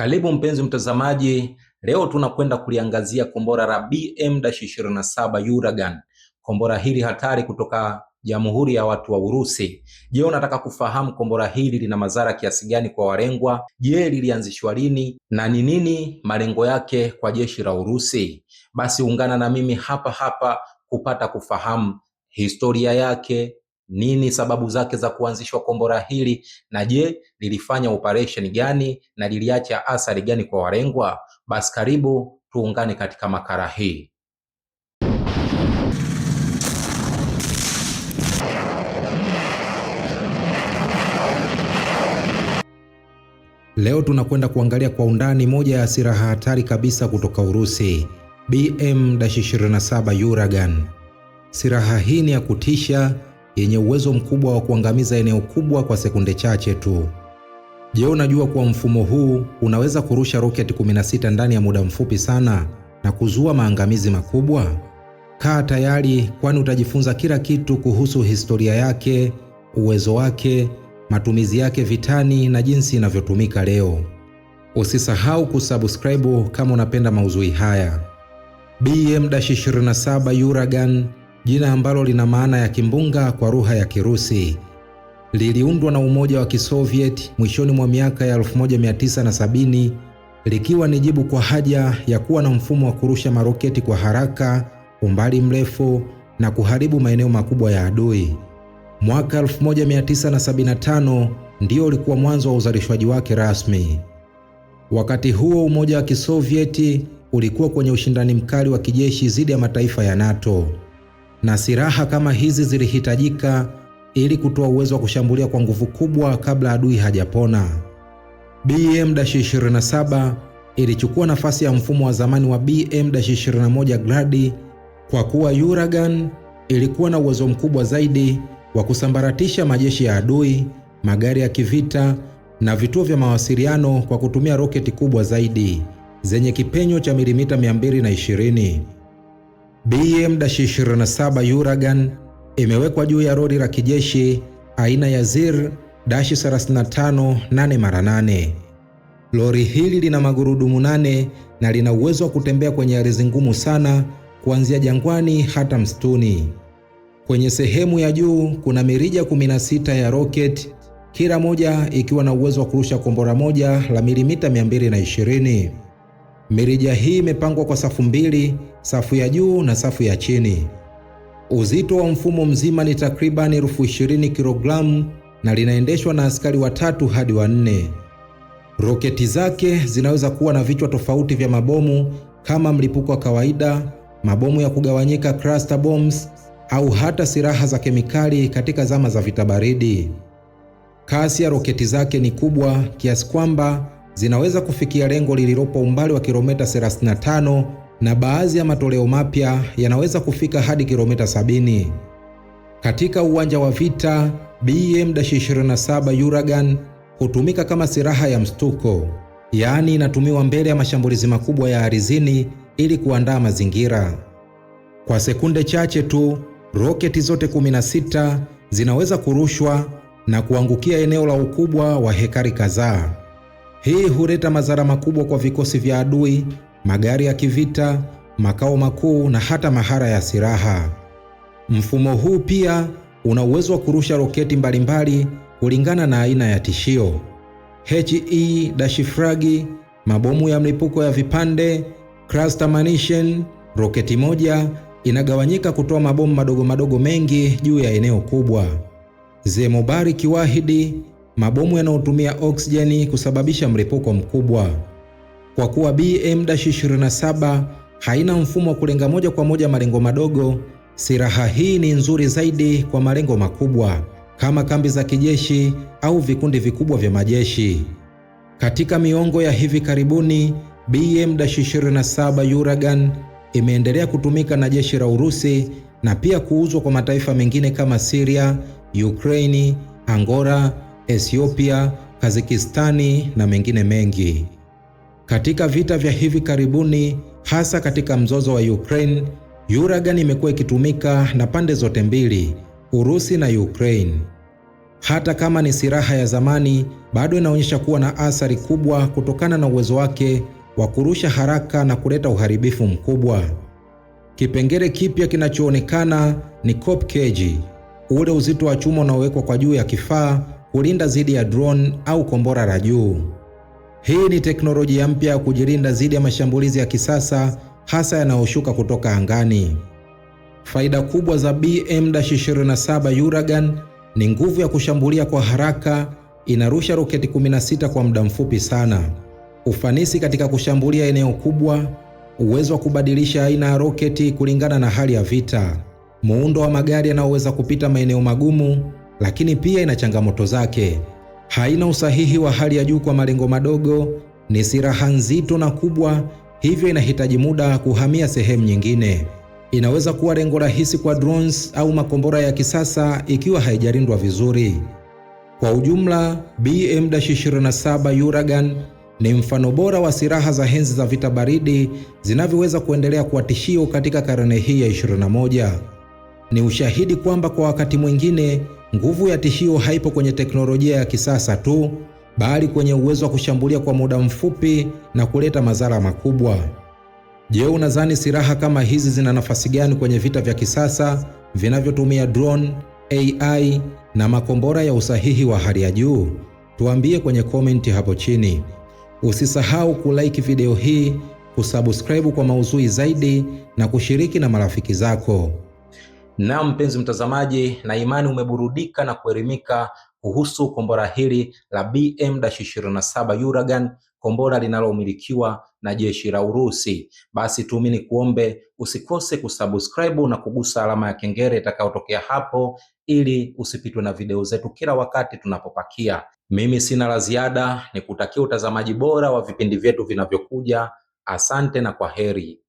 Karibu mpenzi mtazamaji, leo tunakwenda kuliangazia kombora la BM-27 Uragan, kombora hili hatari kutoka Jamhuri ya Watu wa Urusi. Je, unataka kufahamu kombora hili lina madhara kiasi gani kwa walengwa? Je, lilianzishwa lini na ni nini malengo yake kwa jeshi la Urusi? Basi ungana na mimi hapa hapa kupata kufahamu historia yake, nini sababu zake za kuanzishwa kombora hili, na je, lilifanya operesheni gani na liliacha athari gani kwa walengwa? Basi karibu tuungane katika makala hii. Leo tunakwenda kuangalia kwa undani moja ya silaha hatari kabisa kutoka Urusi, BM-27 Uragan. Silaha hii ni ya kutisha yenye uwezo mkubwa wa kuangamiza eneo kubwa kwa sekunde chache tu. Je, unajua kuwa mfumo huu unaweza kurusha roketi 16 ndani ya muda mfupi sana na kuzua maangamizi makubwa? Kaa tayari, kwani utajifunza kila kitu kuhusu historia yake, uwezo wake, matumizi yake vitani na jinsi inavyotumika leo. Usisahau kusubscribe kama unapenda mauzui haya. BM-27 Uragan jina ambalo lina maana ya kimbunga kwa lugha ya Kirusi. Liliundwa na Umoja wa Kisovieti mwishoni mwa miaka ya 1970 likiwa ni jibu kwa haja ya kuwa na mfumo wa kurusha maroketi kwa haraka, umbali mrefu na kuharibu maeneo makubwa ya adui. Mwaka 1975 ndio ulikuwa mwanzo wa uzalishwaji wake rasmi. Wakati huo Umoja wa Kisovieti ulikuwa kwenye ushindani mkali wa kijeshi dhidi ya mataifa ya NATO na silaha kama hizi zilihitajika ili kutoa uwezo wa kushambulia kwa nguvu kubwa kabla adui hajapona. BM-27 ilichukua nafasi ya mfumo wa zamani wa BM-21 Gladi kwa kuwa Uragan ilikuwa na uwezo mkubwa zaidi wa kusambaratisha majeshi ya adui, magari ya kivita na vituo vya mawasiliano kwa kutumia roketi kubwa zaidi zenye kipenyo cha milimita 220. BM-27 Uragan imewekwa juu ya lori la kijeshi aina ya ZIR-35 mara 8 Lori hili lina magurudumu nane na lina uwezo wa kutembea kwenye ardhi ngumu sana kuanzia jangwani hata msituni. Kwenye sehemu ya juu kuna mirija 16 ya rocket, kila moja ikiwa na uwezo wa kurusha kombora moja la milimita 220. Mirija hii imepangwa kwa safu mbili, safu ya juu na safu ya chini. Uzito wa mfumo mzima ni takribani elfu ishirini kilogramu na linaendeshwa na askari watatu hadi wanne. Roketi zake zinaweza kuwa na vichwa tofauti vya mabomu kama mlipuko wa kawaida, mabomu ya kugawanyika cluster bombs, au hata silaha za kemikali katika zama za vita baridi. Kasi ya roketi zake ni kubwa kiasi kwamba zinaweza kufikia lengo lililopo umbali wa kilomita 35 na baadhi ya matoleo mapya yanaweza kufika hadi kilomita 70. Katika uwanja wa vita, BM-27 uragan hutumika kama silaha ya mstuko, yaani inatumiwa mbele ya mashambulizi makubwa ya ardhini ili kuandaa mazingira. Kwa sekunde chache tu, roketi zote 16 zinaweza kurushwa na kuangukia eneo la ukubwa wa hekari kadhaa. Hii huleta madhara makubwa kwa vikosi vya adui, magari ya kivita, makao makuu na hata mahara ya silaha. Mfumo huu pia una uwezo wa kurusha roketi mbalimbali kulingana na aina ya tishio: he dashifragi mabomu ya mlipuko ya vipande, cluster munition. Roketi moja inagawanyika kutoa mabomu madogo madogo mengi juu ya eneo kubwa. Zemobari Kiwahidi mabomu yanayotumia oksijeni kusababisha mlipuko mkubwa. Kwa kuwa BM-27 haina mfumo wa kulenga moja kwa moja malengo madogo, silaha hii ni nzuri zaidi kwa malengo makubwa kama kambi za kijeshi au vikundi vikubwa vya majeshi. Katika miongo ya hivi karibuni, BM-27 Uragan imeendelea kutumika na jeshi la Urusi na pia kuuzwa kwa mataifa mengine kama Syria, Ukraini, Angola Ethiopia, Kazakistani na mengine mengi. Katika vita vya hivi karibuni, hasa katika mzozo wa Ukraine, Uragan imekuwa ikitumika na pande zote mbili, Urusi na Ukraine. Hata kama ni silaha ya zamani, bado inaonyesha kuwa na athari kubwa kutokana na uwezo wake wa kurusha haraka na kuleta uharibifu mkubwa. Kipengele kipya kinachoonekana ni Kopkeji, ule uzito wa chuma unaowekwa kwa juu ya kifaa kulinda dhidi ya drone au kombora la juu. Hii ni teknolojia mpya ya kujilinda dhidi ya mashambulizi ya kisasa hasa yanayoshuka kutoka angani. Faida kubwa za BM-27 Uragan ni nguvu ya kushambulia kwa haraka, inarusha roketi 16 kwa muda mfupi sana, ufanisi katika kushambulia eneo kubwa, uwezo wa kubadilisha aina ya roketi kulingana na hali ya vita, muundo wa magari yanayoweza kupita maeneo magumu lakini pia ina changamoto zake. Haina usahihi wa hali ya juu kwa malengo madogo, ni silaha nzito na kubwa, hivyo inahitaji muda kuhamia sehemu nyingine. Inaweza kuwa lengo rahisi kwa drones au makombora ya kisasa ikiwa haijalindwa vizuri. Kwa ujumla, BM-27 Uragan ni mfano bora wa silaha za henzi za vita baridi zinavyoweza kuendelea kuwa tishio katika karne hii ya 21. Ni ushahidi kwamba kwa wakati mwingine Nguvu ya tishio haipo kwenye teknolojia ya kisasa tu, bali kwenye uwezo wa kushambulia kwa muda mfupi na kuleta madhara makubwa. Je, unadhani silaha kama hizi zina nafasi gani kwenye vita vya kisasa vinavyotumia drone, AI na makombora ya usahihi wa hali ya juu? Tuambie kwenye komenti hapo chini. Usisahau kulike video hii, kusubscribe kwa mauzui zaidi na kushiriki na marafiki zako. Na mpenzi mtazamaji, na imani umeburudika na kuelimika kuhusu kombora hili la BM-27 Uragan, kombora linalomilikiwa na jeshi la Urusi. Basi tuamini kuombe usikose kusubscribe na kugusa alama ya kengele itakayotokea hapo, ili usipitwe na video zetu kila wakati tunapopakia. Mimi sina la ziada, ni kutakia utazamaji bora wa vipindi vyetu vinavyokuja. Asante na kwa heri.